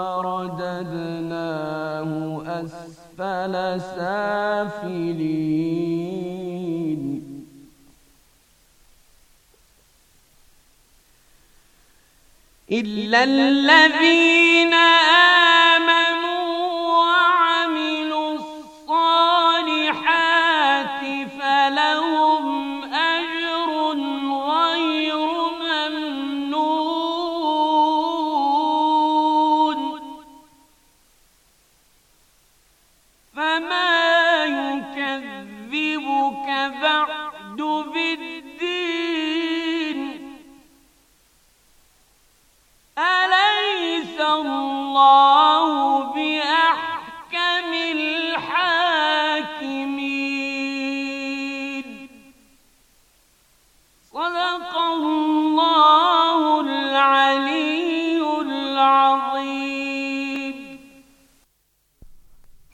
فرددناه أسفل سافلين إلا الذين آمنوا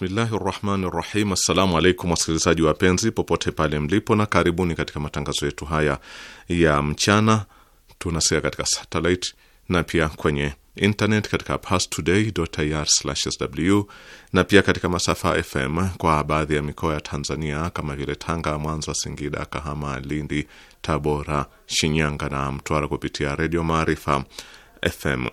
Bismillahi rahmani rahim. Assalamu alaikum wasikilizaji wapenzi popote pale mlipo, na karibuni katika matangazo yetu haya ya mchana. Tunasikia katika satellite na pia kwenye internet katika pastoday.ir/sw na pia katika masafa FM kwa baadhi ya mikoa ya Tanzania kama vile Tanga, Mwanza, Singida, Kahama, Lindi, Tabora, Shinyanga na Mtwara kupitia Redio Maarifa FM.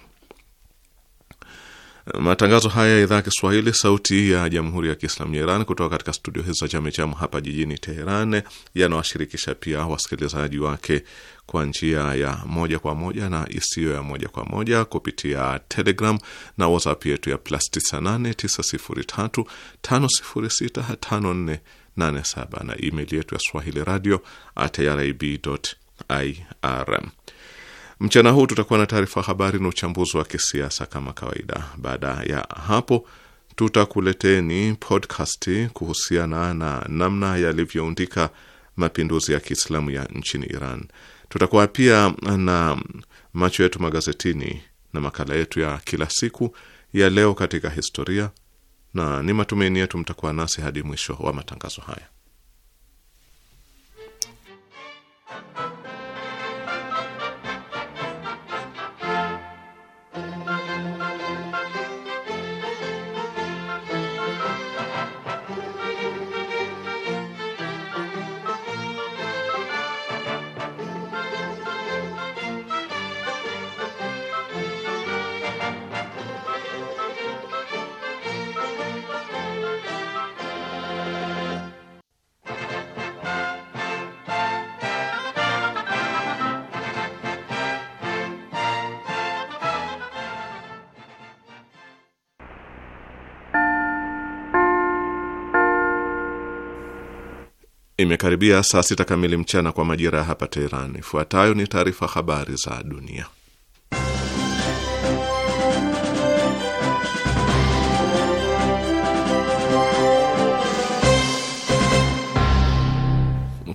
Matangazo haya ya idhaa ya Kiswahili, sauti ya jamhuri ya kiislamu ya Iran, kutoka katika studio hizo za Chamichamu hapa jijini Teheran, yanawashirikisha pia wasikilizaji wake kwa njia ya moja kwa moja na isiyo ya moja kwa moja kupitia Telegram na WhatsApp yetu ya plus 98 na email yetu ya swahili radio at irib.ir. Mchana huu tutakuwa na taarifa habari na uchambuzi wa kisiasa kama kawaida. Baada ya hapo, tutakuleteni podcast kuhusiana na namna yalivyoundika mapinduzi ya Kiislamu ya nchini Iran. Tutakuwa pia na macho yetu magazetini na makala yetu ya kila siku ya leo katika historia, na ni matumaini yetu mtakuwa nasi hadi mwisho wa matangazo haya. Imekaribia saa sita kamili mchana kwa majira ya hapa Teheran. Ifuatayo ni taarifa habari za dunia.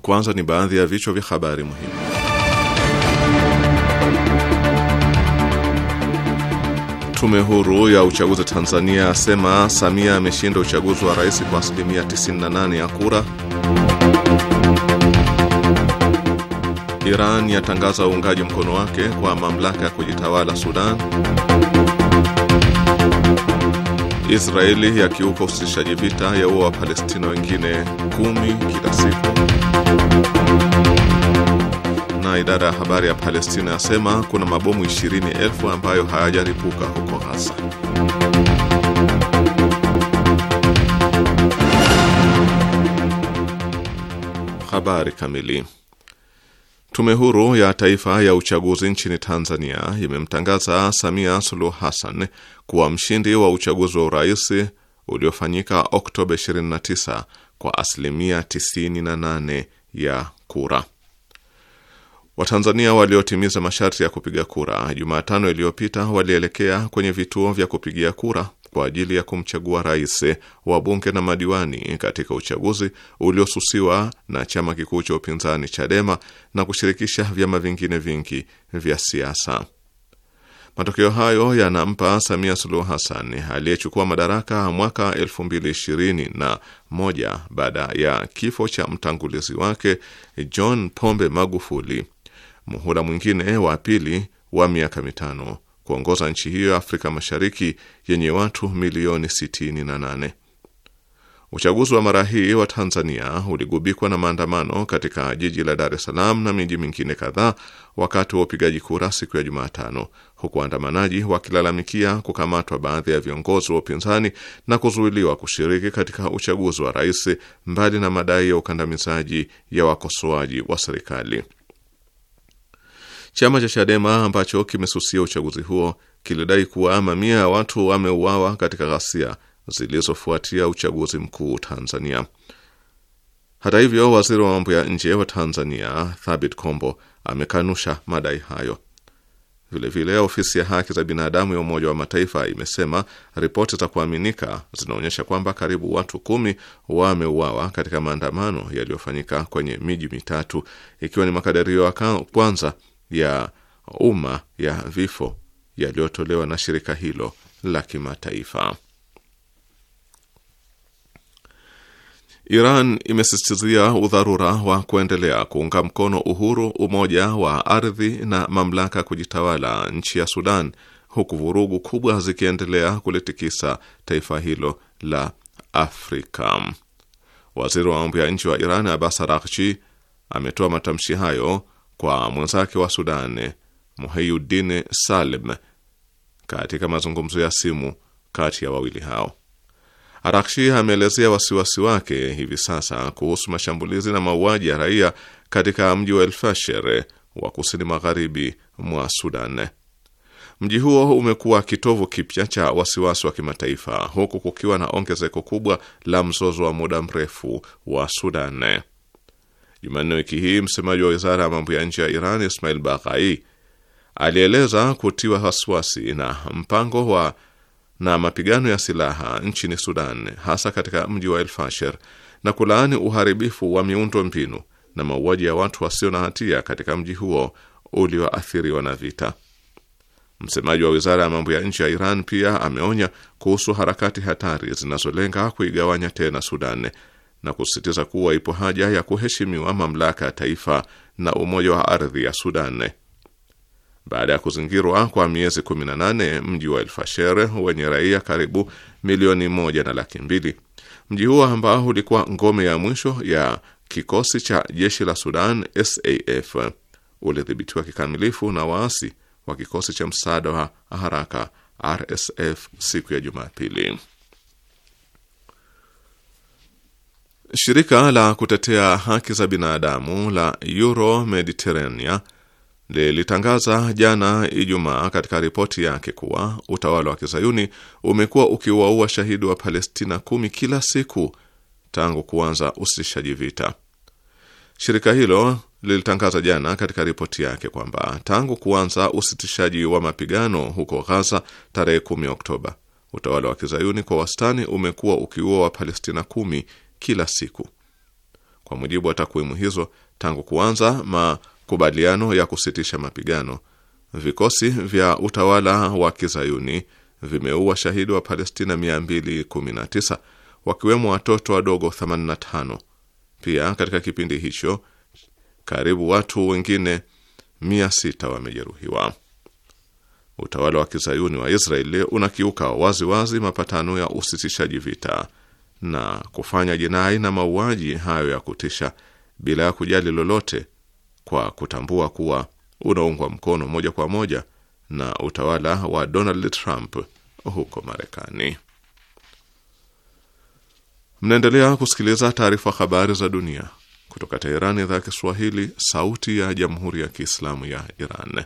Kwanza ni baadhi ya vichwa vya habari muhimu. Tume huru ya uchaguzi Tanzania asema Samia ameshinda uchaguzi wa rais kwa asilimia 98 ya kura. Iran yatangaza uungaji mkono wake kwa mamlaka ya kujitawala Sudan. Israeli yakiuka usitishaji vita ya uo wa palestina wengine kumi kila siku. Na idara ya habari ya Palestina yasema kuna mabomu ishirini ambayo hayajaripuka huko Gaza. Habari kamili Tume Huru ya Taifa ya Uchaguzi nchini Tanzania imemtangaza Samia Suluhu Hassan kuwa mshindi wa uchaguzi wa urais uliofanyika Oktoba 29 kwa asilimia 98 ya kura. Watanzania waliotimiza masharti ya kupiga kura Jumatano iliyopita walielekea kwenye vituo vya kupigia kura kwa ajili ya kumchagua rais, wabunge na madiwani katika uchaguzi uliosusiwa na chama kikuu cha upinzani Chadema na kushirikisha vyama vingine vingi vya siasa. Matokeo hayo yanampa Samia Suluhu Hassan aliyechukua madaraka mwaka moja baada ya kifo cha mtangulizi wake John Pombe Magufuli muhula mwingine wa pili wa miaka mitano kuongoza nchi hiyo ya Afrika Mashariki yenye watu milioni 68. Uchaguzi wa mara hii wa Tanzania uligubikwa na maandamano katika jiji la Dar es Salaam na miji mingine kadhaa wakati wa upigaji kura siku ya Jumatano, huku waandamanaji wakilalamikia kukamatwa baadhi ya viongozi wa upinzani na kuzuiliwa kushiriki katika uchaguzi wa rais, mbali na madai ya ukandamizaji ya wakosoaji wa serikali. Chama cha Chadema ambacho kimesusia uchaguzi huo kilidai kuwa mamia ya watu wameuawa katika ghasia zilizofuatia uchaguzi mkuu Tanzania. Hata hivyo, waziri wa mambo ya nje wa Tanzania Thabit Kombo amekanusha madai hayo. Vilevile vile, ofisi ya haki za binadamu ya Umoja wa Mataifa imesema ripoti za kuaminika zinaonyesha kwamba karibu watu kumi wameuawa katika maandamano yaliyofanyika kwenye miji mitatu, ikiwa ni makadirio ya kwanza ya umma ya vifo yaliyotolewa na shirika hilo la kimataifa. Iran imesisitizia udharura wa kuendelea kuunga mkono uhuru, umoja wa ardhi na mamlaka kujitawala nchi ya Sudan, huku vurugu kubwa zikiendelea kulitikisa taifa hilo la Afrika. Waziri wa mambo ya nchi wa Iran Abbas Araghchi ametoa matamshi hayo kwa mwenzake wa Sudan Muhyiddin Salim katika mazungumzo ya simu kati ya wawili hao. Arakshi ameelezea wasiwasi wake hivi sasa kuhusu mashambulizi na mauaji ya raia katika mji wa Elfasher wa kusini magharibi mwa Sudan. Mji huo umekuwa kitovu kipya cha wasiwasi wa kimataifa huku kukiwa na ongezeko kubwa la mzozo wa muda mrefu wa Sudan. Jumanne wiki hii msemaji wa wizara ya mambo ya nje ya Iran Ismail Baghai alieleza kutiwa wasiwasi na mpango wa na mapigano ya silaha nchini Sudan, hasa katika mji wa Elfasher na kulaani uharibifu wa miundo mbinu na mauaji ya watu wasio na hatia katika mji huo ulioathiriwa na vita. Msemaji wa wizara ya mambo ya nje ya Iran pia ameonya kuhusu harakati hatari zinazolenga kuigawanya tena Sudan na kusisitiza kuwa ipo haja ya kuheshimiwa mamlaka ya taifa na umoja wa ardhi ya Sudan. Baada ya kuzingirwa kwa miezi 18 mji wa elfasher wenye raia karibu milioni moja na laki mbili, mji huo ambao ulikuwa ngome ya mwisho ya kikosi cha jeshi la Sudan SAF ulidhibitiwa kikamilifu na waasi wa kikosi cha msaada wa haraka RSF siku ya Jumapili. Shirika la kutetea haki za binadamu la Euro Mediterranea lilitangaza jana Ijumaa katika ripoti yake kuwa utawala wa kizayuni umekuwa ukiwaua shahidi wa Palestina kumi kila siku tangu kuanza usitishaji vita. Shirika hilo lilitangaza jana katika ripoti yake kwamba tangu kuanza usitishaji wa mapigano huko Ghaza tarehe 10 Oktoba, utawala wa kizayuni kwa wastani umekuwa ukiua Wapalestina kumi kila siku. Kwa mujibu wa takwimu hizo, tangu kuanza makubaliano ya kusitisha mapigano, vikosi vya utawala wa kizayuni vimeua shahidi wa Palestina 219 wakiwemo watoto wadogo 85. Pia katika kipindi hicho karibu watu wengine 600 wamejeruhiwa. Utawala wa kizayuni wa Israeli unakiuka waziwazi mapatano ya usitishaji vita na kufanya jinai na mauaji hayo ya kutisha bila ya kujali lolote, kwa kutambua kuwa unaungwa mkono moja kwa moja na utawala wa Donald Trump huko Marekani. Mnaendelea kusikiliza taarifa habari za dunia kutoka Teherani, idhaa ya Kiswahili, sauti ya jamhuri ya kiislamu ya Iran.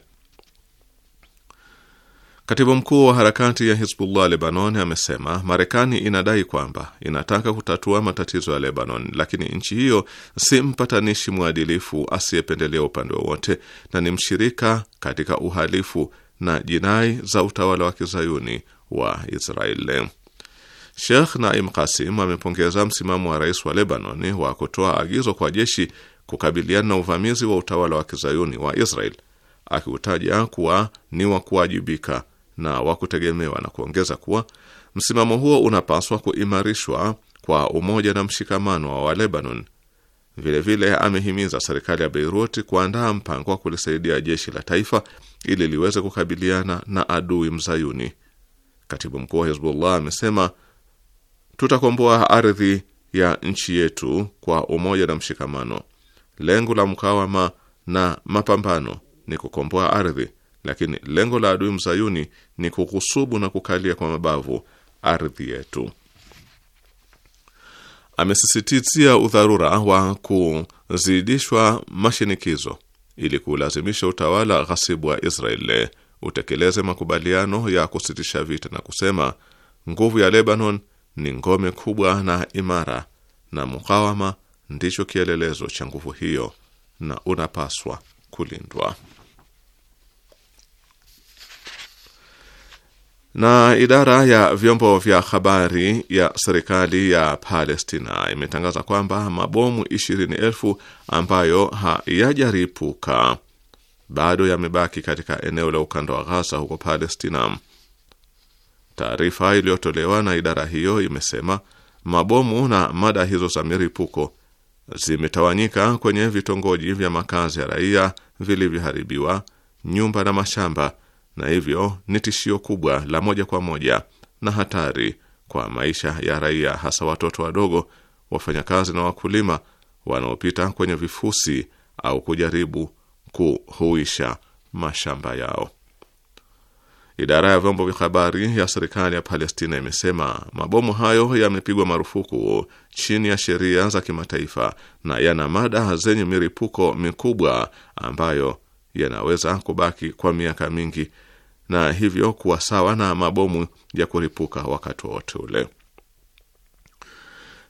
Katibu mkuu wa harakati ya Hizbullah Lebanon amesema Marekani inadai kwamba inataka kutatua matatizo ya Lebanon, lakini nchi hiyo si mpatanishi mwadilifu asiyependelea upande wowote na ni mshirika katika uhalifu na jinai za utawala wa kizayuni wa israel Sheikh Naim Kasim amepongeza msimamo wa rais wa Lebanoni wa kutoa agizo kwa jeshi kukabiliana na uvamizi wa utawala wa kizayuni wa Israel akiutaja kuwa ni wa kuwajibika na wa kutegemewa na kuongeza kuwa msimamo huo unapaswa kuimarishwa kwa umoja na mshikamano wa Walebanon. Vilevile amehimiza serikali ya Beirut kuandaa mpango wa kulisaidia jeshi la taifa ili liweze kukabiliana na adui mzayuni. Katibu mkuu wa Hezbollah amesema, tutakomboa ardhi ya nchi yetu kwa umoja na mshikamano. Lengo la mkawama na mapambano ni kukomboa ardhi lakini lengo la adui mzayuni ni kukusubu na kukalia kwa mabavu ardhi yetu. Amesisitizia udharura wa kuzidishwa mashinikizo ili kuulazimisha utawala ghasibu wa Israel utekeleze makubaliano ya kusitisha vita na kusema nguvu ya Lebanon ni ngome kubwa na imara, na mukawama ndicho kielelezo cha nguvu hiyo na unapaswa kulindwa. Na idara ya vyombo vya habari ya serikali ya Palestina imetangaza kwamba mabomu ishirini elfu ambayo hayajaripuka bado yamebaki katika eneo la ukanda wa Ghaza huko Palestina. Taarifa iliyotolewa na idara hiyo imesema mabomu na mada hizo za miripuko zimetawanyika kwenye vitongoji vya makazi ya raia vilivyoharibiwa, nyumba na mashamba na hivyo ni tishio kubwa la moja kwa moja na hatari kwa maisha ya raia, hasa watoto wadogo, wafanyakazi na wakulima wanaopita kwenye vifusi au kujaribu kuhuisha mashamba yao. Idara ya vyombo vya habari ya serikali ya Palestina imesema mabomu hayo yamepigwa marufuku chini ya sheria za kimataifa na yana mada zenye miripuko mikubwa ambayo yanaweza kubaki kwa miaka mingi na hivyo kuwa sawa na mabomu ya kuripuka wakati wowote ule.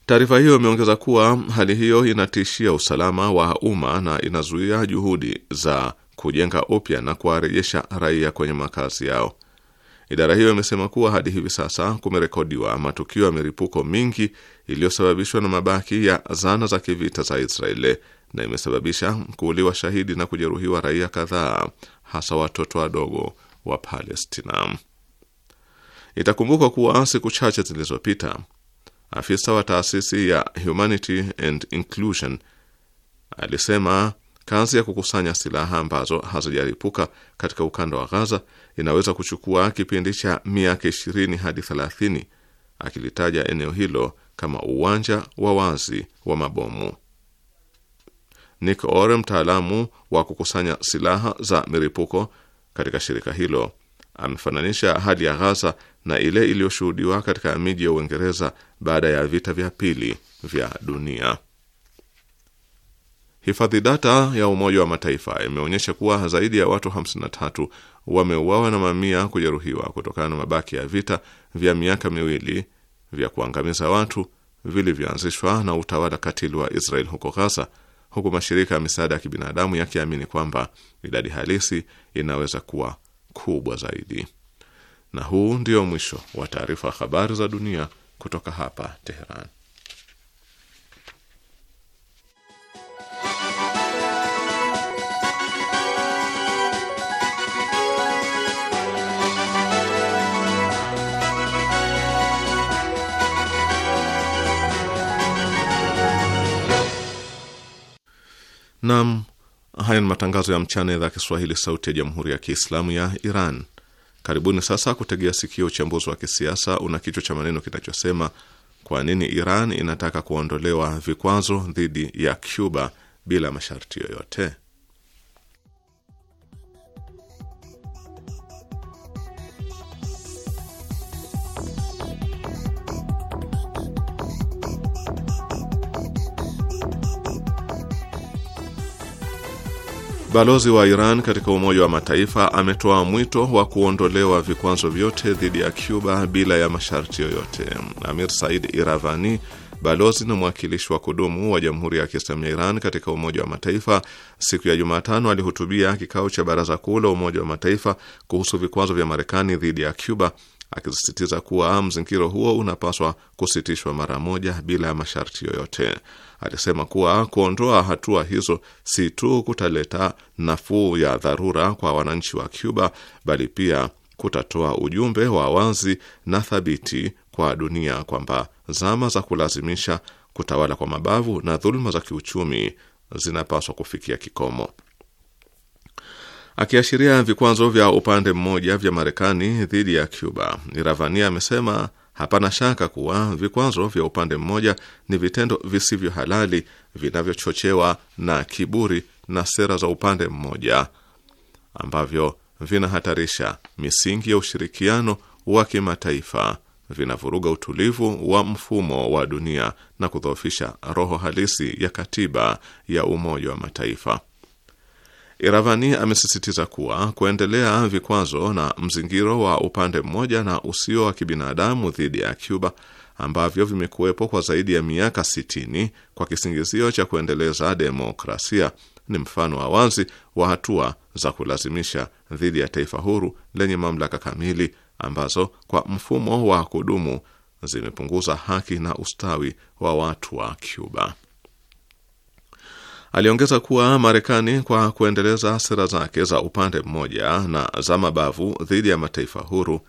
Taarifa hiyo imeongeza kuwa hali hiyo inatishia usalama wa umma na inazuia juhudi za kujenga upya na kuwarejesha raia kwenye makazi yao. Idara hiyo imesema kuwa hadi hivi sasa kumerekodiwa matukio ya milipuko mingi iliyosababishwa na mabaki ya zana za kivita za Israeli na imesababisha kuuliwa shahidi na kujeruhiwa raia kadhaa, hasa watoto wadogo wa Palestina. Itakumbukwa kuwa siku chache zilizopita afisa wa taasisi ya Humanity and Inclusion alisema kazi ya kukusanya silaha ambazo hazijalipuka katika ukanda wa Gaza inaweza kuchukua kipindi cha miaka 20 hadi 30, akilitaja eneo hilo kama uwanja wa wazi wa mabomu. Nick Ore, mtaalamu wa kukusanya silaha za miripuko katika shirika hilo. Amefananisha hali ya Ghaza na ile iliyoshuhudiwa katika miji ya Uingereza baada ya vita vya pili vya dunia. Hifadhi data ya Umoja wa Mataifa imeonyesha kuwa zaidi ya watu 53 wameuawa na mamia kujeruhiwa kutokana na mabaki ya vita vya miaka miwili vya kuangamiza watu vilivyoanzishwa na utawala katili wa Israel huko Ghaza huku mashirika ya misaada ya kibinadamu yakiamini kwamba idadi halisi inaweza kuwa kubwa zaidi. Na huu ndio mwisho wa taarifa habari za dunia kutoka hapa Teheran. Nam, haya ni matangazo ya mchana, idhaa ya Kiswahili, sauti ya jamhuri ya kiislamu ya Iran. Karibuni sasa kutegea sikio uchambuzi wa kisiasa una kichwa cha maneno kinachosema kwa nini Iran inataka kuondolewa vikwazo dhidi ya Cuba bila masharti yoyote. Balozi wa Iran katika Umoja wa Mataifa ametoa mwito wa kuondolewa vikwazo vyote dhidi ya Cuba bila ya masharti yoyote. Amir Said Iravani, balozi na mwakilishi wa kudumu wa Jamhuri ya Kiislamu ya Iran katika Umoja wa Mataifa, siku ya Jumatano alihutubia kikao cha Baraza Kuu la Umoja wa Mataifa kuhusu vikwazo vya Marekani dhidi ya Cuba akisisitiza kuwa mzingiro huo unapaswa kusitishwa mara moja bila ya masharti yoyote. Alisema kuwa kuondoa hatua hizo si tu kutaleta nafuu ya dharura kwa wananchi wa Cuba, bali pia kutatoa ujumbe wa wazi na thabiti kwa dunia kwamba zama za kulazimisha, kutawala kwa mabavu na dhuluma za kiuchumi zinapaswa kufikia kikomo. Akiashiria vikwazo vya upande mmoja vya Marekani dhidi ya Cuba, Iravani amesema hapana shaka kuwa vikwazo vya upande mmoja ni vitendo visivyo halali vinavyochochewa na kiburi na sera za upande mmoja ambavyo vinahatarisha misingi ya ushirikiano wa kimataifa, vinavuruga utulivu wa mfumo wa dunia na kudhoofisha roho halisi ya katiba ya Umoja wa Mataifa. Iravani amesisitiza kuwa kuendelea vikwazo na mzingiro wa upande mmoja na usio wa kibinadamu dhidi ya Cuba ambavyo vimekuwepo kwa zaidi ya miaka 60 kwa kisingizio cha kuendeleza demokrasia ni mfano wa wazi wa hatua za kulazimisha dhidi ya taifa huru lenye mamlaka kamili ambazo kwa mfumo wa kudumu zimepunguza haki na ustawi wa watu wa Cuba. Aliongeza kuwa Marekani kwa kuendeleza sera zake za upande mmoja na za mabavu dhidi ya mataifa huru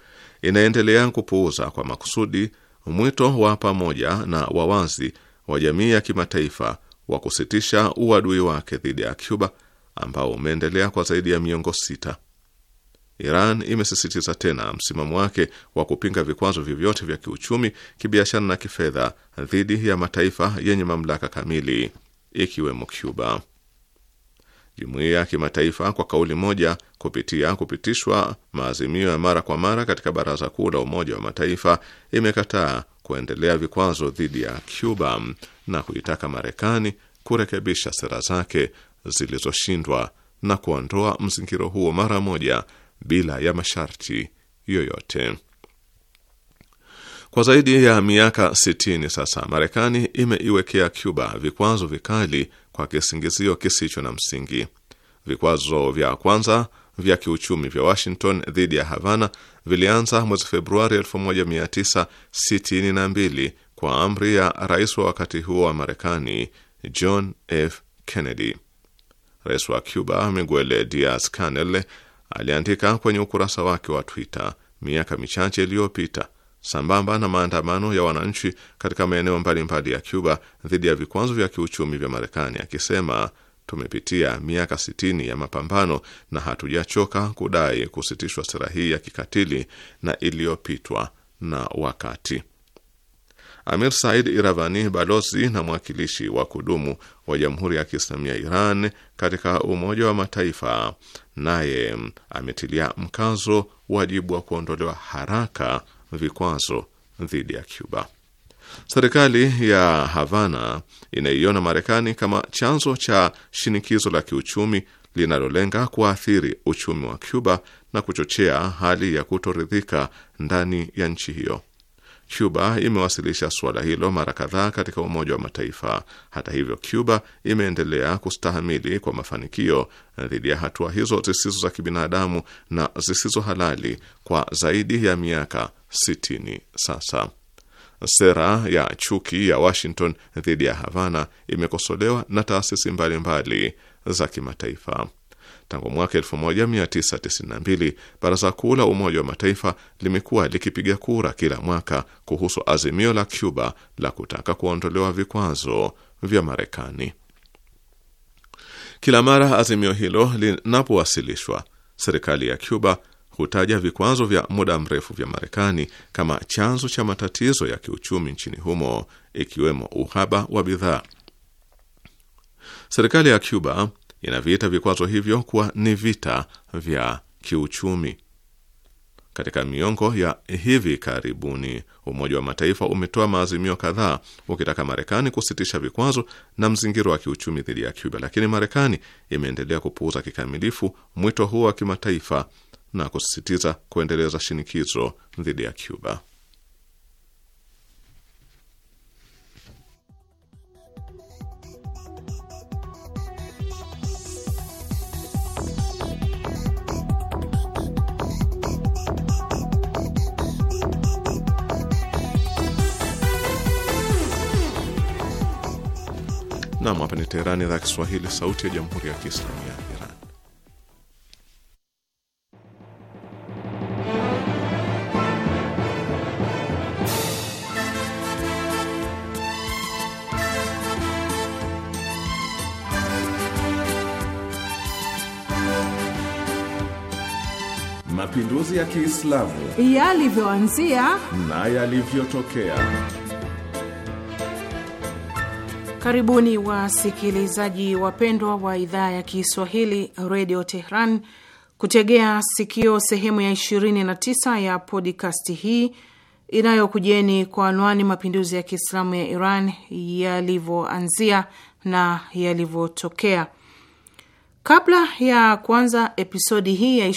inaendelea kupuuza kwa makusudi mwito wa pamoja na wawazi wa jamii ya kimataifa wa kusitisha uadui wake dhidi ya Cuba ambao umeendelea kwa zaidi ya miongo sita. Iran imesisitiza tena msimamo wake wa kupinga vikwazo vyovyote vya kiuchumi, kibiashara na kifedha dhidi ya mataifa yenye mamlaka kamili ikiwemo Cuba. Jumuiya ya kimataifa kwa kauli moja kupitia kupitishwa maazimio ya mara kwa mara katika Baraza Kuu la Umoja wa Mataifa imekataa kuendelea vikwazo dhidi ya Cuba na kuitaka Marekani kurekebisha sera zake zilizoshindwa na kuondoa mzingiro huo mara moja bila ya masharti yoyote. Kwa zaidi ya miaka 60 sasa, Marekani imeiwekea Cuba vikwazo vikali kwa kisingizio kisicho na msingi. Vikwazo vya kwanza vya kiuchumi vya Washington dhidi ya Havana vilianza mwezi Februari 1962 kwa amri ya rais wa wakati huo wa Marekani, John F. Kennedy. Rais wa Cuba Miguel Diaz Canel aliandika kwenye ukurasa wake wa Twitter miaka michache iliyopita sambamba na maandamano ya wananchi katika maeneo mbalimbali ya Cuba dhidi ya vikwazo vya kiuchumi vya Marekani, akisema tumepitia miaka 60 ya mapambano na hatujachoka kudai kusitishwa sera hii ya kikatili na iliyopitwa na wakati. Amir Said Iravani, balozi na mwakilishi wa kudumu wa Jamhuri ya Kiislamia Iran katika Umoja wa Mataifa, naye ametilia mkazo wajibu wa kuondolewa haraka vikwazo dhidi ya Cuba. Serikali ya Havana inaiona Marekani kama chanzo cha shinikizo la kiuchumi linalolenga kuathiri uchumi wa Cuba na kuchochea hali ya kutoridhika ndani ya nchi hiyo. Cuba imewasilisha suala hilo mara kadhaa katika Umoja wa Mataifa. Hata hivyo, Cuba imeendelea kustahamili kwa mafanikio dhidi ya hatua hizo zisizo za kibinadamu na zisizo halali kwa zaidi ya miaka sitini sasa. Sera ya chuki ya Washington dhidi ya Havana imekosolewa na taasisi mbalimbali za kimataifa. Tangu mwaka 1992 Baraza Kuu la Umoja wa Mataifa limekuwa likipiga kura kila mwaka kuhusu azimio la Cuba la kutaka kuondolewa vikwazo vya Marekani. Kila mara azimio hilo linapowasilishwa, serikali ya Cuba hutaja vikwazo vya muda mrefu vya Marekani kama chanzo cha matatizo ya kiuchumi nchini humo, ikiwemo uhaba wa bidhaa. Serikali ya Cuba inaviita vikwazo hivyo kuwa ni vita vya kiuchumi. Katika miongo ya hivi karibuni, Umoja wa Mataifa umetoa maazimio kadhaa ukitaka Marekani kusitisha vikwazo na mzingiro wa kiuchumi dhidi ya Cuba, lakini Marekani imeendelea kupuuza kikamilifu mwito huo wa kimataifa na kusisitiza kuendeleza shinikizo dhidi ya Cuba. Nam, hapa ni Teherani, idhaa ya Kiswahili, sauti ya jamhuri ya kiislamu ya Kiislamu yalivyoanzia na yalivyotokea. Karibuni wasikilizaji wapendwa wa idhaa ya Kiswahili Redio Tehran kutegea sikio sehemu ya 29 ya podcast hii inayokujeni kwa anwani mapinduzi ya Kiislamu ya Iran yalivyoanzia na yalivyotokea. Kabla ya kuanza episodi hii ya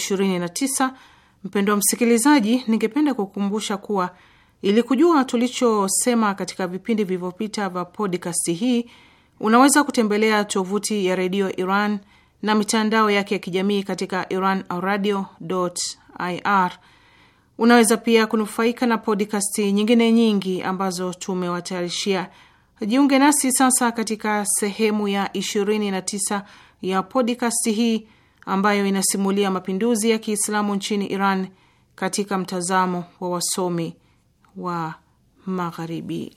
Mpendwa msikilizaji, ningependa kukumbusha kuwa ili kujua tulichosema katika vipindi vilivyopita vya podcast hii, unaweza kutembelea tovuti ya redio Iran na mitandao yake ya kijamii katika iranradio.ir. Unaweza pia kunufaika na podcast nyingine nyingi ambazo tumewatayarishia. Jiunge nasi sasa katika sehemu ya 29 ya podcast hii ambayo inasimulia mapinduzi ya Kiislamu nchini Iran katika mtazamo wa wasomi wa Magharibi.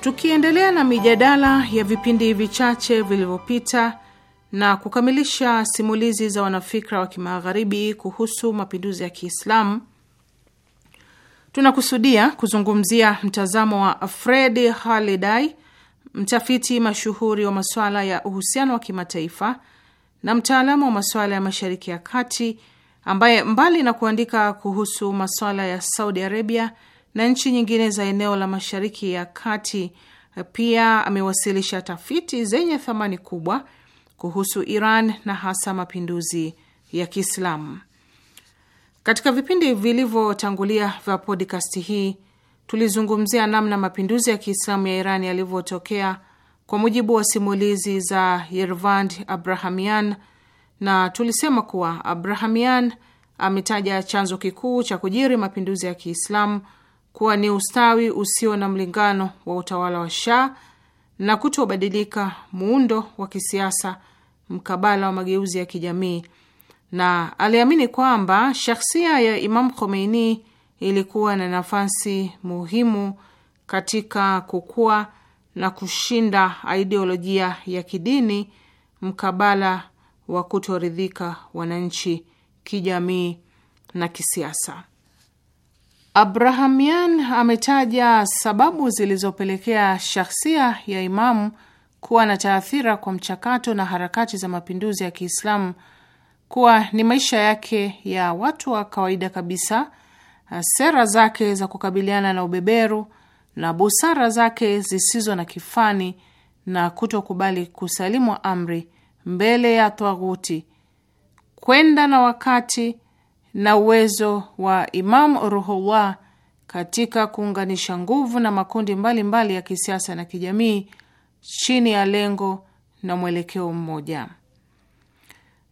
Tukiendelea na mijadala ya vipindi vichache vilivyopita na kukamilisha simulizi za wanafikra wa kimagharibi kuhusu mapinduzi ya Kiislamu, tunakusudia kuzungumzia mtazamo wa Fred Haliday, mtafiti mashuhuri wa masuala ya uhusiano wa kimataifa na mtaalamu wa masuala ya Mashariki ya Kati, ambaye mbali na kuandika kuhusu masuala ya Saudi Arabia na nchi nyingine za eneo la Mashariki ya Kati, pia amewasilisha tafiti zenye thamani kubwa kuhusu Iran na hasa mapinduzi ya Kiislamu. Katika vipindi vilivyotangulia vya podcast hii tulizungumzia namna mapinduzi ya Kiislamu ya Iran yalivyotokea kwa mujibu wa simulizi za Yervand Abrahamian, na tulisema kuwa Abrahamian ametaja chanzo kikuu cha kujiri mapinduzi ya Kiislamu kuwa ni ustawi usio na mlingano wa utawala wa Shah na kutobadilika muundo wa kisiasa mkabala wa mageuzi ya kijamii, na aliamini kwamba shakhsia ya Imam Khomeini ilikuwa na nafasi muhimu katika kukua na kushinda ideolojia ya kidini mkabala wa kutoridhika wananchi kijamii na kisiasa. Abrahamian ametaja sababu zilizopelekea shakhsia ya Imamu kuwa na taathira kwa mchakato na harakati za mapinduzi ya Kiislamu kuwa ni maisha yake ya watu wa kawaida kabisa, sera zake za kukabiliana na ubeberu na busara zake zisizo na kifani na kutokubali kusalimwa amri mbele ya thwaguti kwenda na wakati na uwezo wa Imam Ruhullah katika kuunganisha nguvu na makundi mbalimbali mbali ya kisiasa na kijamii chini ya lengo na mwelekeo mmoja.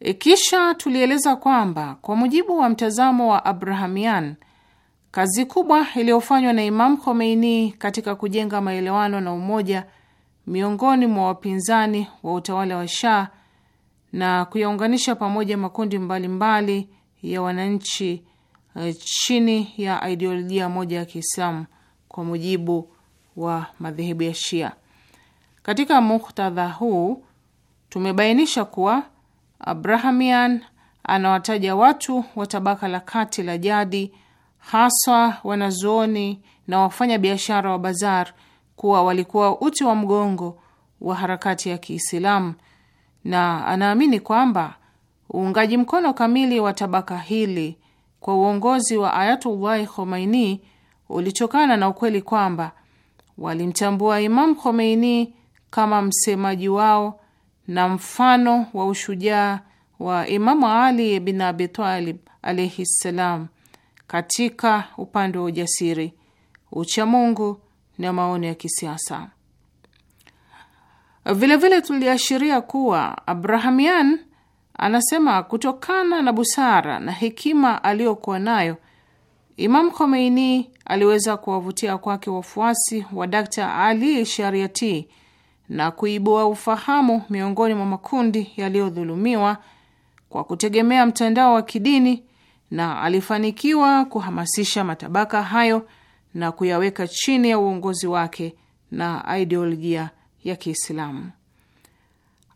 E, kisha tulieleza kwamba kwa mujibu wa mtazamo wa Abrahamian, kazi kubwa iliyofanywa na Imam Khomeini katika kujenga maelewano na umoja miongoni mwa wapinzani wa utawala wa Shah na kuyaunganisha pamoja makundi mbalimbali mbali ya wananchi e, chini ya ideolojia moja ya Kiislamu kwa mujibu wa madhehebu ya Shia katika muktadha huu tumebainisha kuwa Abrahamian anawataja watu wa tabaka la kati la jadi, haswa wanazuoni na wafanya biashara wa bazar, kuwa walikuwa uti wa mgongo wa harakati ya Kiislamu, na anaamini kwamba uungaji mkono kamili wa tabaka hili kwa uongozi wa Ayatullahi Khomeini ulitokana na ukweli kwamba walimtambua Imam Khomeini kama msemaji wao na mfano wa ushujaa wa Imamu Ali bin Abi Talib alaihi ssalam katika upande wa ujasiri, uchamungu na maono ya kisiasa. Vilevile tuliashiria kuwa Abrahamian anasema kutokana na busara na hekima aliyokuwa nayo Imam Khomeini aliweza kuwavutia kwake wafuasi wa Dr Ali Shariati na kuibua ufahamu miongoni mwa makundi yaliyodhulumiwa kwa kutegemea mtandao wa kidini, na alifanikiwa kuhamasisha matabaka hayo na kuyaweka chini ya uongozi wake na ideolojia ya Kiislamu.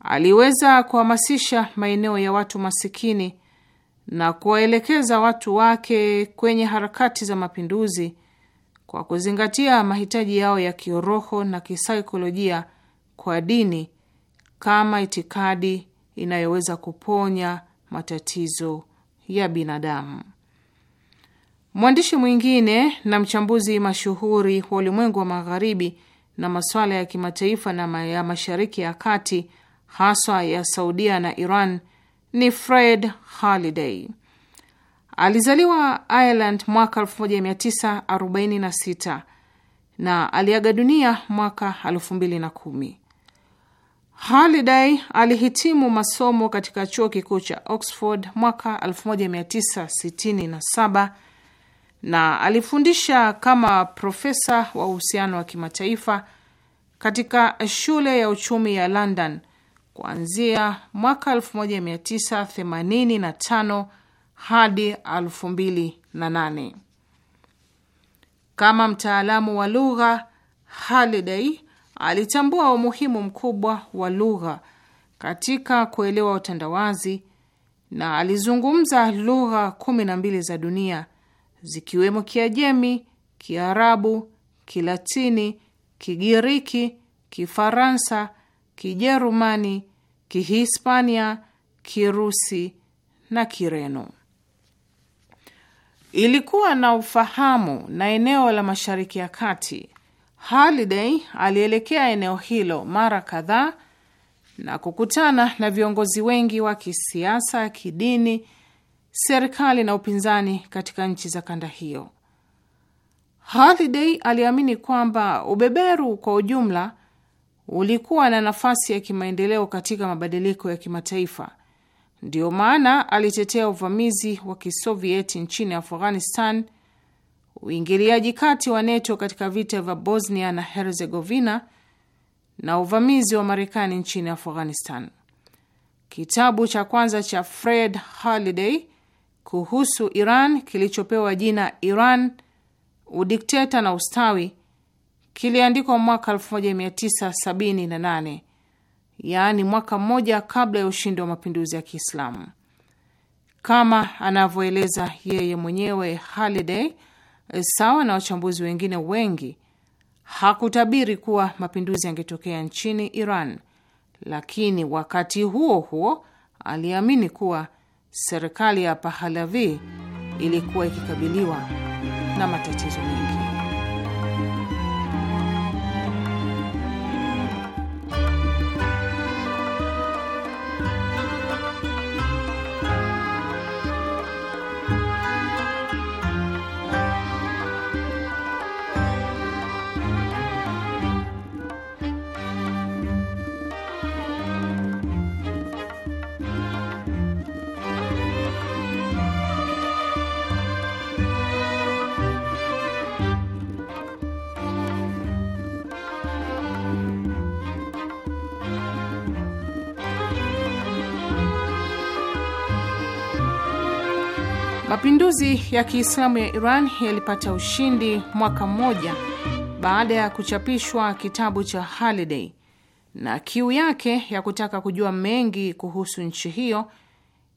Aliweza kuhamasisha maeneo ya watu masikini na kuwaelekeza watu wake kwenye harakati za mapinduzi kwa kuzingatia mahitaji yao ya kiroho na kisaikolojia kwa dini kama itikadi inayoweza kuponya matatizo ya binadamu. Mwandishi mwingine na mchambuzi mashuhuri wa ulimwengu wa magharibi na masuala ya kimataifa na ya mashariki ya kati haswa ya Saudia na Iran ni Fred Haliday. Alizaliwa Ireland mwaka 1946 na aliaga dunia mwaka 2010. Haliday alihitimu masomo katika chuo kikuu cha Oxford mwaka 1967 na alifundisha kama profesa wa uhusiano wa kimataifa katika shule ya uchumi ya London kuanzia mwaka 1985 hadi 2008. Kama mtaalamu wa lugha, Holiday alitambua umuhimu mkubwa wa lugha katika kuelewa utandawazi na alizungumza lugha kumi na mbili za dunia zikiwemo Kiajemi, Kiarabu, Kilatini, Kigiriki, Kifaransa, Kijerumani, Kihispania, Kirusi na Kireno. Ilikuwa na ufahamu na eneo la Mashariki ya Kati Haliday alielekea eneo hilo mara kadhaa na kukutana na viongozi wengi wa kisiasa, kidini, serikali na upinzani katika nchi za kanda hiyo. Haliday aliamini kwamba ubeberu kwa ujumla ulikuwa na nafasi ya kimaendeleo katika mabadiliko ya kimataifa. Ndiyo maana alitetea uvamizi wa Kisovieti nchini Afghanistan uingiliaji kati wa NATO katika vita vya Bosnia na Herzegovina na uvamizi wa Marekani nchini Afghanistan. Kitabu cha kwanza cha Fred Holiday kuhusu Iran kilichopewa jina Iran, udikteta na ustawi kiliandikwa mwaka 1978 yaani mwaka mmoja kabla ya ushindi wa mapinduzi ya Kiislamu. Kama anavyoeleza yeye mwenyewe Haliday Eh, sawa na wachambuzi wengine wengi, hakutabiri kuwa mapinduzi yangetokea nchini Iran, lakini wakati huo huo aliamini kuwa serikali ya pahalavi ilikuwa ikikabiliwa na matatizo mengi. Mapinduzi ya Kiislamu ya Iran yalipata ushindi mwaka mmoja baada ya kuchapishwa kitabu cha Haliday, na kiu yake ya kutaka kujua mengi kuhusu nchi hiyo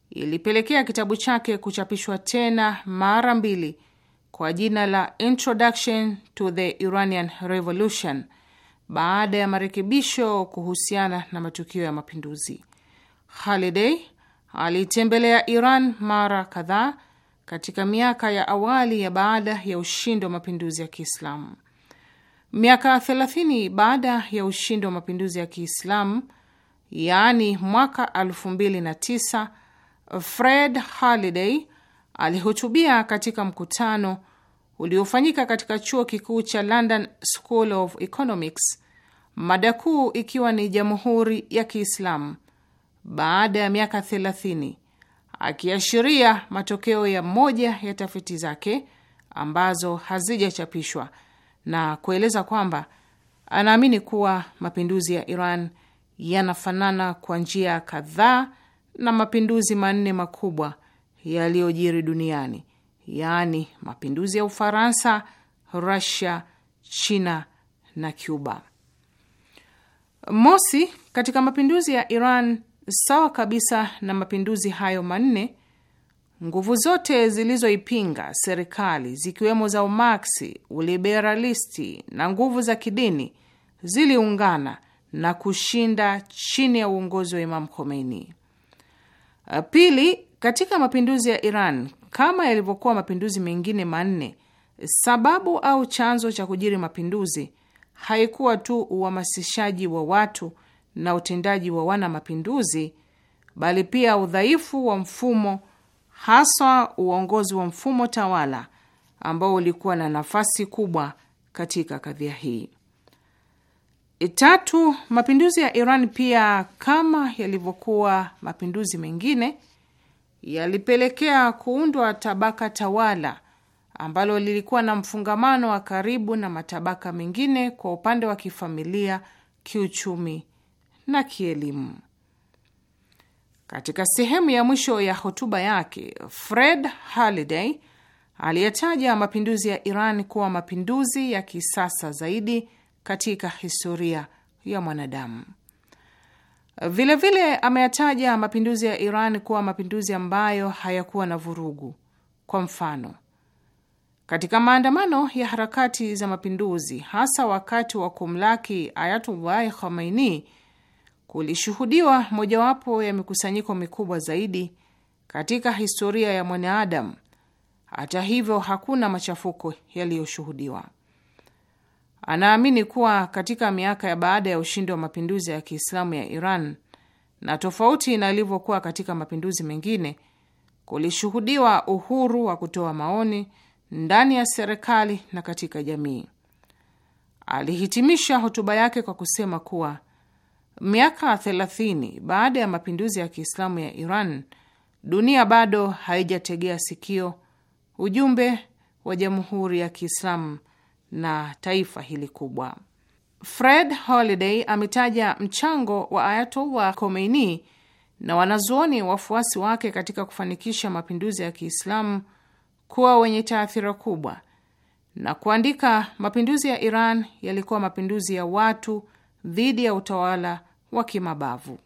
ilipelekea kitabu chake kuchapishwa tena mara mbili kwa jina la Introduction to the Iranian Revolution baada ya marekebisho kuhusiana na matukio ya mapinduzi. Haliday alitembelea Iran mara kadhaa katika miaka ya awali ya baada ya ushindi wa mapinduzi ya Kiislamu. Miaka 30 baada ya ushindi wa mapinduzi ya Kiislamu, yaani mwaka 2009, Fred Haliday alihutubia katika mkutano uliofanyika katika chuo kikuu cha London School of Economics, mada kuu ikiwa ni Jamhuri ya Kiislamu baada ya miaka 30 akiashiria matokeo ya moja ya tafiti zake ambazo hazijachapishwa na kueleza kwamba anaamini kuwa mapinduzi ya Iran yanafanana kwa njia kadhaa na mapinduzi manne makubwa yaliyojiri duniani, yaani mapinduzi ya Ufaransa, Rusia, China na Cuba. Mosi, katika mapinduzi ya Iran sawa kabisa na mapinduzi hayo manne, nguvu zote zilizoipinga serikali zikiwemo za umaksi, uliberalisti na nguvu za kidini ziliungana na kushinda chini ya uongozi wa Imam Khomeini. Uh, pili, katika mapinduzi ya Iran kama yalivyokuwa mapinduzi mengine manne, sababu au chanzo cha kujiri mapinduzi haikuwa tu uhamasishaji wa watu na utendaji wa wana mapinduzi, bali pia udhaifu wa mfumo, haswa uongozi wa mfumo tawala ambao ulikuwa na nafasi kubwa katika kadhia hii. E, tatu, mapinduzi ya Iran pia kama yalivyokuwa mapinduzi mengine yalipelekea kuundwa tabaka tawala ambalo lilikuwa na mfungamano wa karibu na matabaka mengine kwa upande wa kifamilia, kiuchumi na kielimu. Katika sehemu ya mwisho ya hotuba yake, Fred Haliday aliyetaja mapinduzi ya Iran kuwa mapinduzi ya kisasa zaidi katika historia ya mwanadamu. Vilevile ameyataja mapinduzi ya Iran kuwa mapinduzi ambayo hayakuwa na vurugu. Kwa mfano, katika maandamano ya harakati za mapinduzi, hasa wakati wa kumlaki Ayatullahi Khomeini, kulishuhudiwa mojawapo ya mikusanyiko mikubwa zaidi katika historia ya mwanadamu. Hata hivyo, hakuna machafuko yaliyoshuhudiwa. Anaamini kuwa katika miaka ya baada ya ushindi wa mapinduzi ya Kiislamu ya Iran, na tofauti na ilivyokuwa katika mapinduzi mengine, kulishuhudiwa uhuru wa kutoa maoni ndani ya serikali na katika jamii. Alihitimisha hotuba yake kwa kusema kuwa Miaka 30 baada ya mapinduzi ya Kiislamu ya Iran, dunia bado haijategea sikio ujumbe wa Jamhuri ya Kiislamu na taifa hili kubwa. Fred Holiday ametaja mchango wa Ayatollah Khomeini na wanazuoni wafuasi wake katika kufanikisha mapinduzi ya Kiislamu kuwa wenye taathira kubwa na kuandika, mapinduzi ya Iran yalikuwa mapinduzi ya watu dhidi ya utawala wa kimabavu.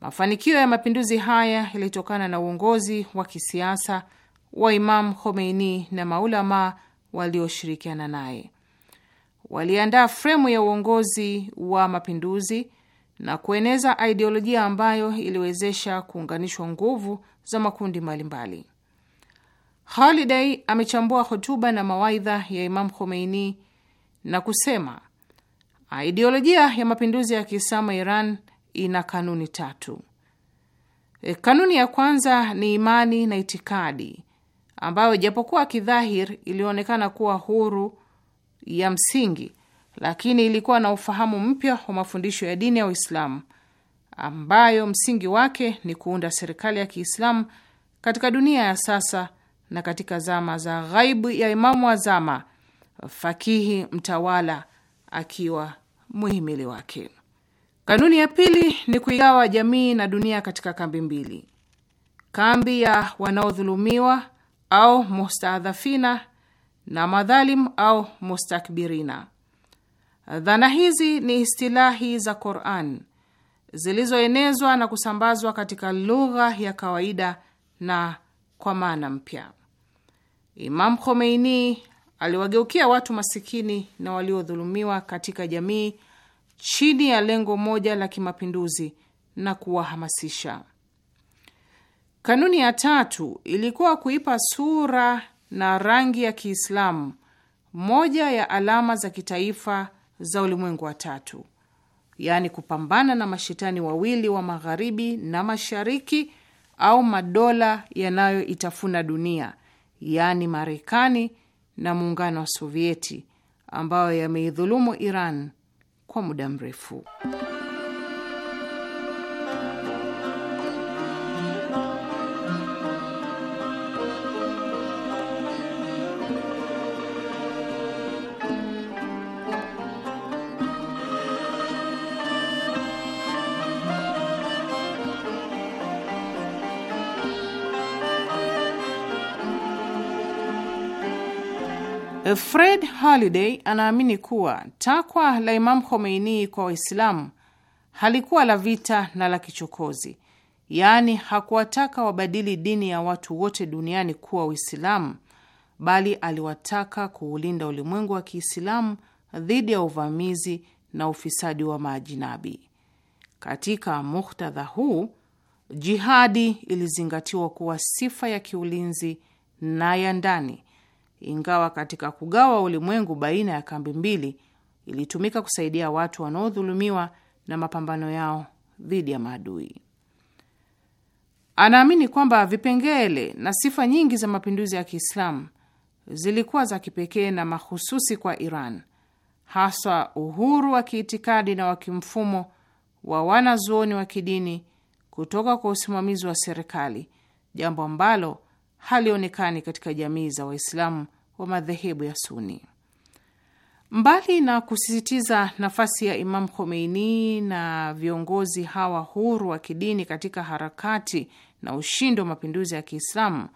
Mafanikio ya mapinduzi haya yalitokana na uongozi wa kisiasa wa Imam Khomeini na maulama walioshirikiana naye. Waliandaa fremu ya uongozi wa mapinduzi na kueneza idiolojia ambayo iliwezesha kuunganishwa nguvu za makundi mbalimbali. Holiday amechambua hotuba na mawaidha ya Imam Khomeini na kusema Ideolojia ya mapinduzi ya Kiislamu ya Iran ina kanuni tatu. E, kanuni ya kwanza ni imani na itikadi ambayo ijapokuwa kidhahir ilionekana kuwa huru ya msingi, lakini ilikuwa na ufahamu mpya wa mafundisho ya dini ya Uislamu ambayo msingi wake ni kuunda serikali ya Kiislamu katika dunia ya sasa na katika zama za ghaibu ya Imamu wa zama, fakihi mtawala akiwa muhimili wake. Kanuni ya pili ni kuigawa jamii na dunia katika kambi mbili: kambi ya wanaodhulumiwa au mustadhafina na madhalim au mustakbirina. Dhana hizi ni istilahi za Quran zilizoenezwa na kusambazwa katika lugha ya kawaida na kwa maana mpya. Imam Khomeini aliwageukia watu masikini na waliodhulumiwa katika jamii chini ya lengo moja la kimapinduzi na kuwahamasisha. Kanuni ya tatu ilikuwa kuipa sura na rangi ya Kiislamu moja ya alama za kitaifa za ulimwengu wa tatu, yaani kupambana na mashetani wawili wa magharibi na mashariki au madola yanayoitafuna dunia, yaani Marekani na muungano wa Sovieti ambayo yameidhulumu Iran kwa muda mrefu. Fred holiday anaamini kuwa takwa la Imam Khomeini kwa Waislamu halikuwa la vita na la kichokozi, yaani hakuwataka wabadili dini ya watu wote duniani kuwa Uislamu, bali aliwataka kuulinda ulimwengu wa Kiislamu dhidi ya uvamizi na ufisadi wa maajinabi. Katika muktadha huu, jihadi ilizingatiwa kuwa sifa ya kiulinzi na ya ndani ingawa katika kugawa ulimwengu baina ya kambi mbili ilitumika kusaidia watu wanaodhulumiwa na mapambano yao dhidi ya maadui. Anaamini kwamba vipengele na sifa nyingi za mapinduzi ya Kiislamu zilikuwa za kipekee na mahususi kwa Iran, haswa uhuru wa kiitikadi na wa kimfumo wa wanazuoni wa kidini kutoka kwa usimamizi wa serikali, jambo ambalo halionekani katika jamii za Waislamu wa madhehebu ya Suni. Mbali na kusisitiza nafasi ya Imam Khomeini na viongozi hawa huru wa kidini katika harakati na ushindi wa mapinduzi ya Kiislamu,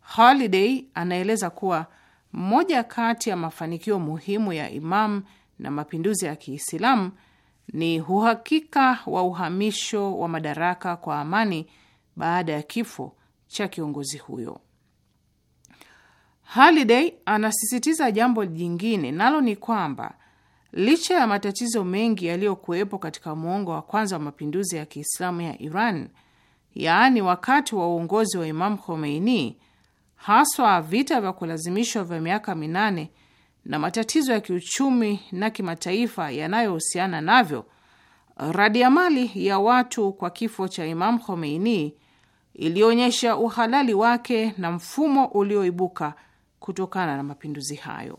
Holiday anaeleza kuwa moja kati ya mafanikio muhimu ya Imam na mapinduzi ya Kiislamu ni uhakika wa uhamisho wa madaraka kwa amani baada ya kifo cha kiongozi huyo. Haliday anasisitiza jambo jingine, nalo ni kwamba licha ya matatizo mengi yaliyokuwepo katika muongo wa kwanza wa mapinduzi ya Kiislamu ya Iran, yaani wakati wa uongozi wa Imam Khomeini, haswa vita vya kulazimishwa vya miaka minane na matatizo ya kiuchumi na kimataifa yanayohusiana navyo, radiamali ya watu kwa kifo cha Imam Khomeini ilionyesha uhalali wake na mfumo ulioibuka kutokana na mapinduzi hayo.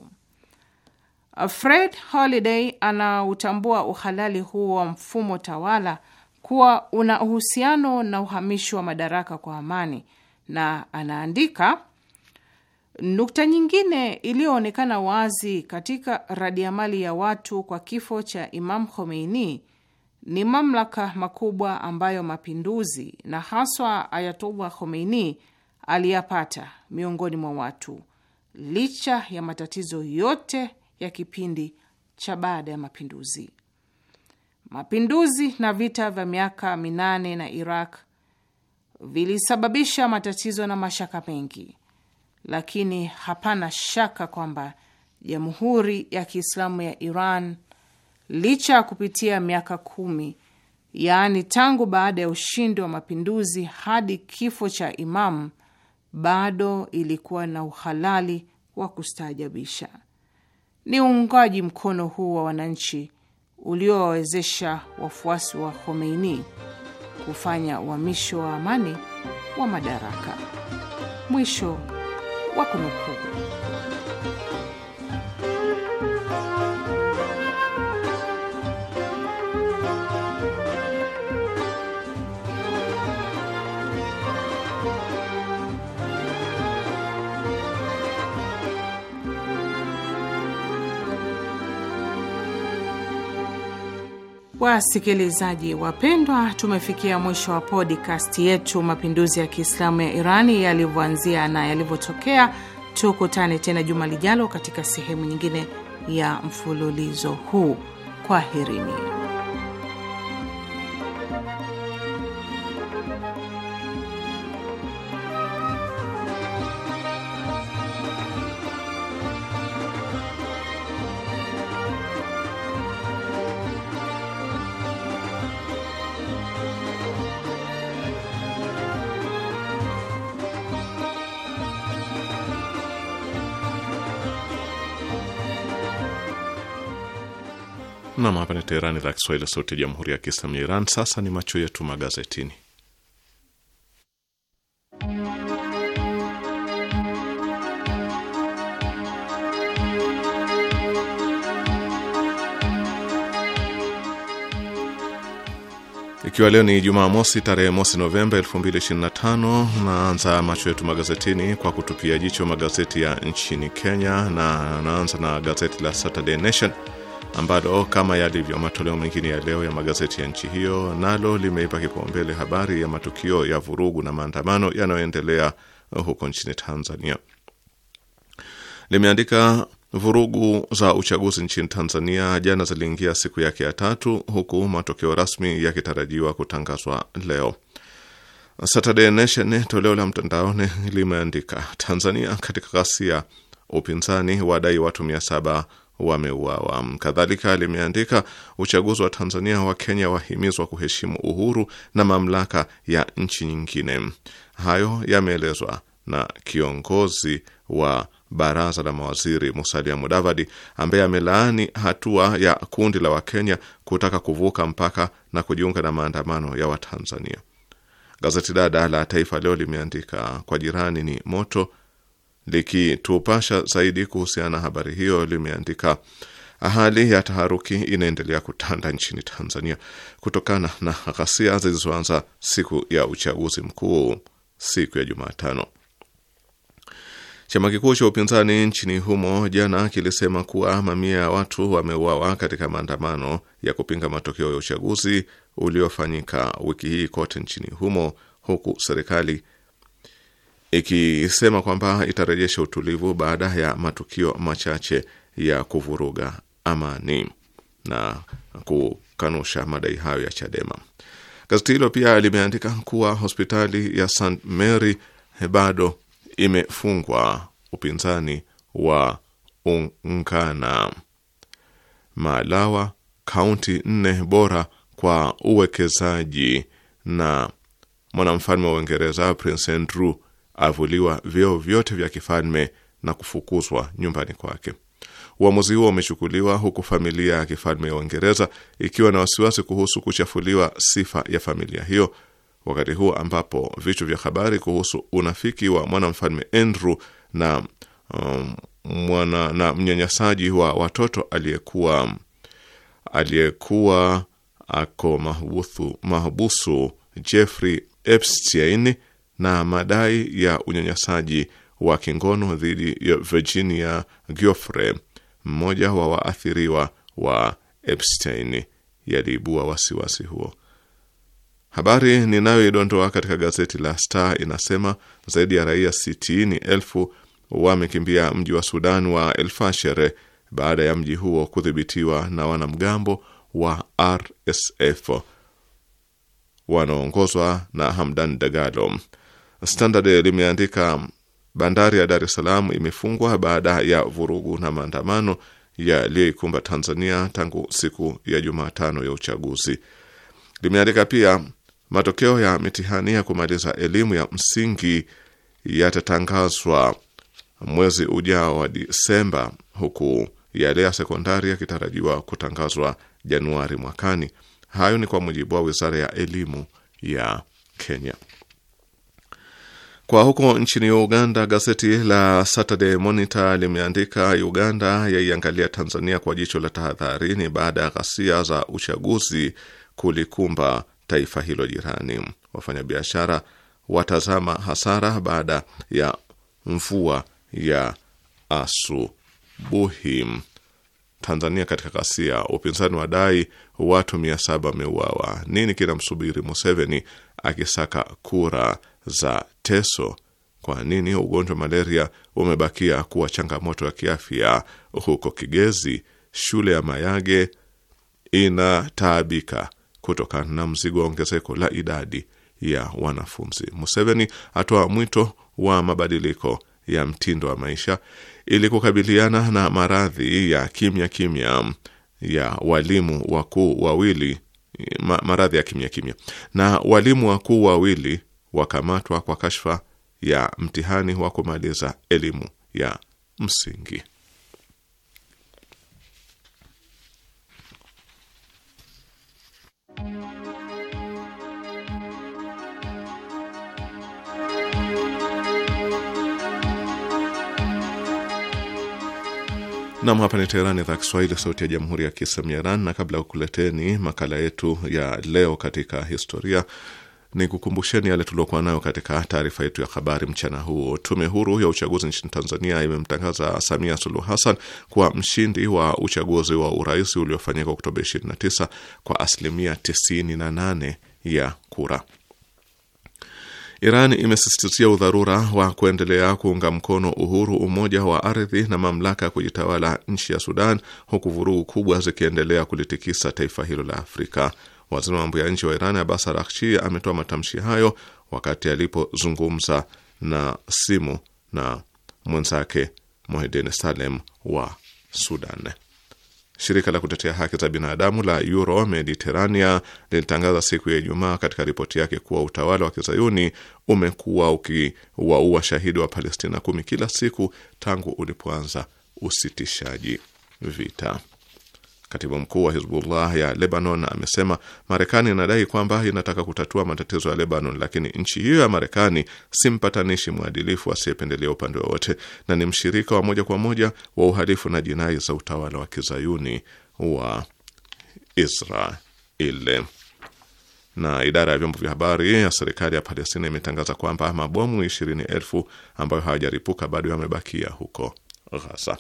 Fred Holiday anautambua uhalali huo wa mfumo tawala kuwa una uhusiano na uhamishi wa madaraka kwa amani, na anaandika nukta nyingine iliyoonekana wazi katika radiamali ya watu kwa kifo cha Imam Khomeini ni mamlaka makubwa ambayo mapinduzi na haswa Ayatollah Khomeini aliyapata miongoni mwa watu licha ya matatizo yote ya kipindi cha baada ya mapinduzi. Mapinduzi na vita vya miaka minane na Iraq vilisababisha matatizo na mashaka mengi, lakini hapana shaka kwamba Jamhuri ya Kiislamu ya Iran licha ya kupitia miaka kumi, yaani tangu baada ya ushindi wa mapinduzi hadi kifo cha Imamu bado ilikuwa na uhalali wa kustaajabisha. Ni uungaji mkono huu wa wananchi uliowawezesha wafuasi wa Khomeini kufanya uhamisho wa amani wa madaraka. Mwisho wa kunukuu. Wasikilizaji wapendwa, tumefikia mwisho wa podcast yetu mapinduzi ya Kiislamu ya Irani yalivyoanzia na yalivyotokea. Tukutane tena juma lijalo katika sehemu nyingine ya mfululizo huu. Kwaherini. Nam, hapa ni Teherani, idhaa ya Kiswahili, sauti ya jamhuri ya kiislamu ya Iran. Sasa ni macho yetu magazetini. Ikiwa leo ni Jumaa mosi tarehe mosi Novemba 2025, naanza macho yetu magazetini kwa kutupia jicho magazeti ya nchini Kenya, na naanza na gazeti la Saturday Nation ambalo kama yalivyo matoleo mengine ya leo ya magazeti ya nchi hiyo nalo limeipa kipaumbele habari ya matukio ya vurugu na maandamano yanayoendelea huko nchini Tanzania. Limeandika vurugu za uchaguzi nchini Tanzania jana ziliingia siku yake ya tatu, huku matokeo rasmi yakitarajiwa kutangazwa leo. Saturday Nation toleo la mtandaoni limeandika Tanzania katika ghasia, upinzani wadai watu mia saba wameuawa. Kadhalika limeandika uchaguzi wa Tanzania, Wakenya wahimizwa kuheshimu uhuru na mamlaka ya nchi nyingine. Hayo yameelezwa na kiongozi wa baraza la mawaziri Musalia Mudavadi ambaye amelaani hatua ya kundi la Wakenya kutaka kuvuka mpaka na kujiunga na maandamano ya Watanzania. Gazeti dada la Taifa Leo limeandika kwa jirani ni moto likitupasha zaidi kuhusiana na habari hiyo limeandika Hali ya taharuki inaendelea kutanda nchini Tanzania kutokana na ghasia zilizoanza siku ya uchaguzi mkuu siku ya Jumatano. Chama kikuu cha upinzani nchini humo jana kilisema kuwa mamia ya watu wameuawa katika maandamano ya kupinga matokeo ya uchaguzi uliofanyika wiki hii kote nchini humo, huku serikali ikisema kwamba itarejesha utulivu baada ya matukio machache ya kuvuruga amani na kukanusha madai hayo ya Chadema. Gazeti hilo pia limeandika kuwa hospitali ya St Mary bado imefungwa, upinzani wa ungana. Malawa kaunti nne bora kwa uwekezaji, na mwanamfalme wa Uingereza Prince Andrew avuliwa vyeo vyote vya kifalme na kufukuzwa nyumbani kwake. Uamuzi huo umechukuliwa huku familia ya kifalme ya Uingereza ikiwa na wasiwasi kuhusu kuchafuliwa sifa ya familia hiyo, wakati huo ambapo vichwa vya habari kuhusu unafiki wa mwanamfalme Andrew na um, mwana na mnyanyasaji wa watoto aliyekuwa aliyekuwa ako mahubusu Jeffrey Epstein na madai ya unyanyasaji wa kingono dhidi ya Virginia Giuffre, mmoja wa waathiriwa wa Epstein, yaliibua wasiwasi huo. Habari ninayoidondoa katika gazeti la Star inasema zaidi ya raia sitini elfu wamekimbia mji wa Sudan wa El Fasher baada ya mji huo kudhibitiwa na wanamgambo wa RSF wanaoongozwa na Hamdan Dagalo. Standard limeandika bandari ya Dar es Salaam imefungwa baada ya vurugu na maandamano yaliyoikumba Tanzania tangu siku ya Jumatano ya uchaguzi. Limeandika pia matokeo ya mitihani ya kumaliza elimu ya msingi yatatangazwa mwezi ujao wa Disemba, huku yale ya sekondari yakitarajiwa kutangazwa Januari mwakani. Hayo ni kwa mujibu wa wizara ya elimu ya Kenya. Kwa huko nchini Uganda, gazeti la Saturday Monitor limeandika Uganda yaiangalia Tanzania kwa jicho la tahadharini baada ya ghasia za uchaguzi kulikumba taifa hilo jirani. Wafanyabiashara watazama hasara baada ya mvua ya asubuhi. Tanzania katika ghasia, upinzani wadai watu mia saba wameuawa. Nini kinamsubiri Museveni akisaka kura za teso. Kwa nini ugonjwa malaria umebakia kuwa changamoto ya kiafya huko Kigezi? Shule ya Mayage inataabika kutokana na mzigo wa ongezeko la idadi ya wanafunzi. Museveni atoa mwito wa mabadiliko ya mtindo wa maisha ili kukabiliana na maradhi ya kimya kimya ya walimu wakuu wawili, maradhi ya kimya kimya na walimu wakuu wawili wakamatwa kwa kashfa ya mtihani wa kumaliza elimu ya msingi. Nam, hapa ni Teherani, idhaa Kiswahili, sauti ya jamhuri ya kiislamu ya Iran. Na kabla ya kukuleteni makala yetu ya leo katika historia, ni kukumbusheni yale tuliokuwa nayo katika taarifa yetu ya habari mchana huu. Tume huru ya uchaguzi nchini Tanzania imemtangaza Samia Suluhu Hassan kuwa mshindi wa uchaguzi wa urais uliofanyika Oktoba 29 kwa asilimia 98 ya kura. Iran imesisitizia udharura wa kuendelea kuunga mkono uhuru, umoja wa ardhi na mamlaka ya kujitawala nchi ya Sudan, huku vurugu kubwa zikiendelea kulitikisa taifa hilo la Afrika Waziri wa mambo ya nje wa Iran Abbas Araghchi ametoa matamshi hayo wakati alipozungumza na simu na mwenzake Mohedin Salem wa Sudan. Shirika la kutetea haki za binadamu la Euro Mediterania lilitangaza siku ya Ijumaa katika ripoti yake kuwa utawala wa kizayuni umekuwa ukiwaua shahidi wa Palestina kumi kila siku tangu ulipoanza usitishaji vita. Katibu mkuu wa Hizbullah ya Lebanon amesema Marekani inadai kwamba inataka kutatua matatizo ya Lebanon, lakini nchi hiyo ya Marekani si mpatanishi mwadilifu asiyependelea upande wowote na ni mshirika wa moja kwa moja wa uhalifu na jinai za utawala wa kizayuni wa Israeli. Na idara ya vyombo vya habari ya serikali ya Palestina imetangaza kwamba mabomu elfu ambayo hawajaripuka bado yamebakia huko Ghaza.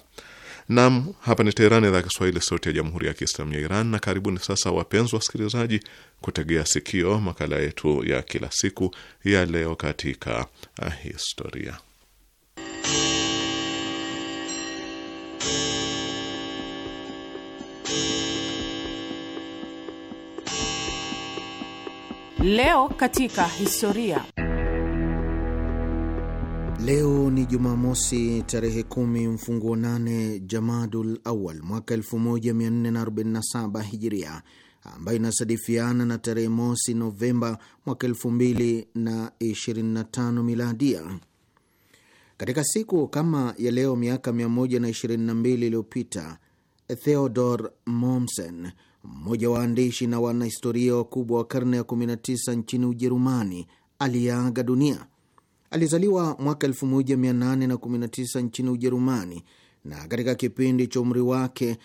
Nam, hapa ni Teherani, idhaa ya Kiswahili, sauti ya jamhuri ya kiislamu ya Iran. Na karibuni sasa, wapenzi wasikilizaji, kutegea sikio makala yetu ya kila siku ya leo katika ah, historia. Leo katika historia Leo ni Jumamosi tarehe kumi mfunguo nane Jamadul Awal mwaka 1447 Hijiria, ambayo inasadifiana na tarehe mosi Novemba mwaka 2025 Miladia. Katika siku kama ya leo miaka 122 iliyopita theodor Mommsen, mmoja wa waandishi na wanahistoria wakubwa wa karne ya 19 nchini Ujerumani, aliyeaga dunia. Alizaliwa mwaka 1819 nchini Ujerumani, na katika kipindi cha umri wake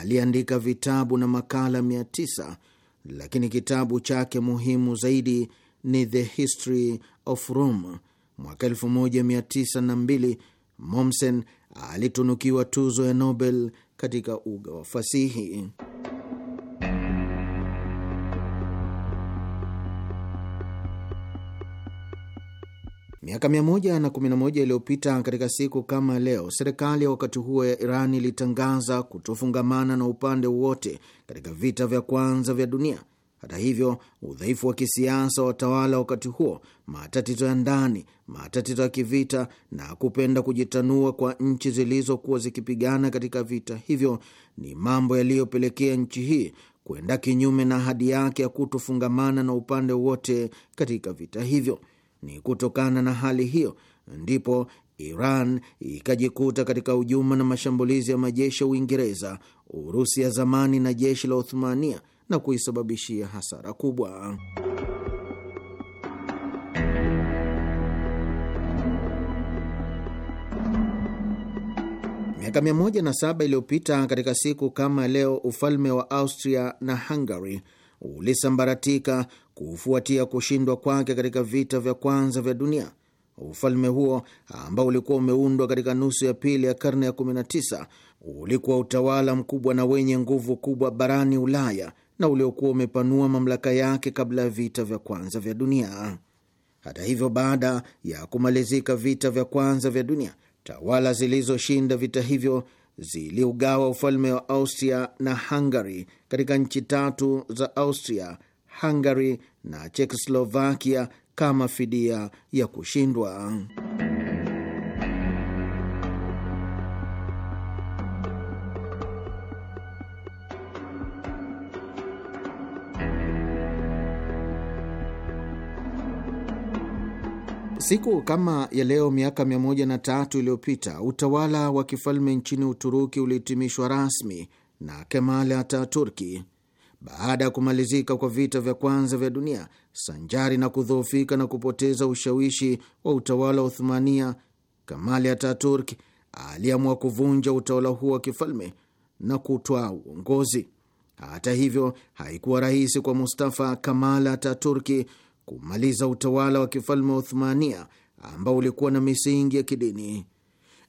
aliandika vitabu na makala 900, lakini kitabu chake muhimu zaidi ni The History of Rome. Mwaka 1902 Mommsen alitunukiwa tuzo ya Nobel katika uga wa fasihi. Miaka 111 iliyopita katika siku kama leo, serikali ya wakati huo ya Iran ilitangaza kutofungamana na upande wowote katika vita vya kwanza vya dunia. Hata hivyo, udhaifu wa kisiasa watawala wakati huo, matatizo ya ndani, matatizo ya kivita na kupenda kujitanua kwa nchi zilizokuwa zikipigana katika vita hivyo ni mambo yaliyopelekea nchi hii kuenda kinyume na ahadi yake ya kutofungamana na upande wote katika vita hivyo. Ni kutokana na hali hiyo ndipo Iran ikajikuta katika hujuma na mashambulizi ya majeshi ya Uingereza, Urusi ya zamani na jeshi la Uthmania na kuisababishia hasara kubwa. Miaka 17 iliyopita katika siku kama leo, ufalme wa Austria na Hungary ulisambaratika kufuatia kushindwa kwake katika vita vya kwanza vya dunia. Ufalme huo ambao ulikuwa umeundwa katika nusu ya pili ya karne ya 19 ulikuwa utawala mkubwa na wenye nguvu kubwa barani Ulaya na uliokuwa umepanua mamlaka yake kabla ya vita vya kwanza vya dunia. Hata hivyo, baada ya kumalizika vita vya kwanza vya dunia, tawala zilizoshinda vita hivyo ziliugawa ufalme wa Austria na Hungary katika nchi tatu za Austria, Hungary na Chekoslovakia kama fidia ya kushindwa. Siku kama ya leo miaka 13 iliyopita utawala wa kifalme nchini Uturuki ulihitimishwa rasmi na Kemal Ataturki, baada ya kumalizika kwa vita vya kwanza vya dunia, sanjari na kudhoofika na kupoteza ushawishi wa utawala wa Uthmania, Kamali Ataturk aliamua kuvunja utawala huo wa kifalme na kutwaa uongozi. Hata hivyo, haikuwa rahisi kwa Mustafa Kamal Ataturki kumaliza utawala wa kifalme wa Uthmania ambao ulikuwa na misingi ya kidini.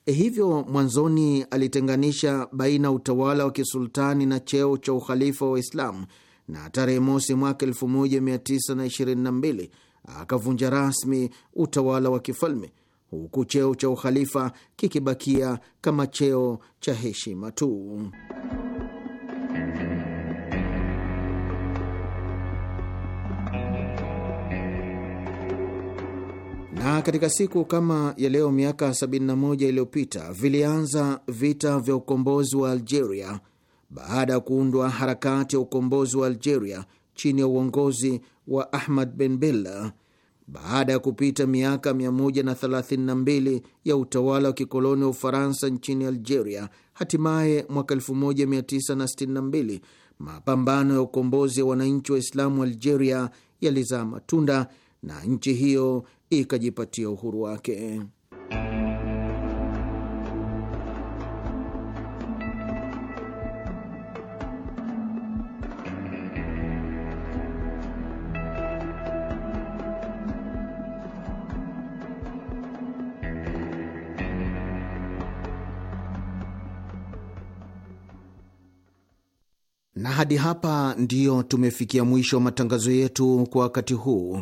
Eh, hivyo mwanzoni alitenganisha baina utawala wa kisultani na cheo cha ukhalifa wa Waislamu, na tarehe mosi mwaka 1922 akavunja rasmi utawala wa kifalme, huku cheo cha ukhalifa kikibakia kama cheo cha heshima tu. Na katika siku kama ya leo miaka 71 iliyopita vilianza vita vya ukombozi wa Algeria baada ya kuundwa harakati ya ukombozi wa Algeria chini ya uongozi wa Ahmad Ben Bella baada ya kupita miaka 132 ya utawala wa kikoloni wa Ufaransa nchini Algeria, hatimaye mwaka 1962 mapambano ya ukombozi ya wananchi wa Islamu wa Algeria yalizaa matunda na nchi hiyo ikajipatia uhuru wake. Na hadi hapa ndiyo tumefikia mwisho wa matangazo yetu kwa wakati huu.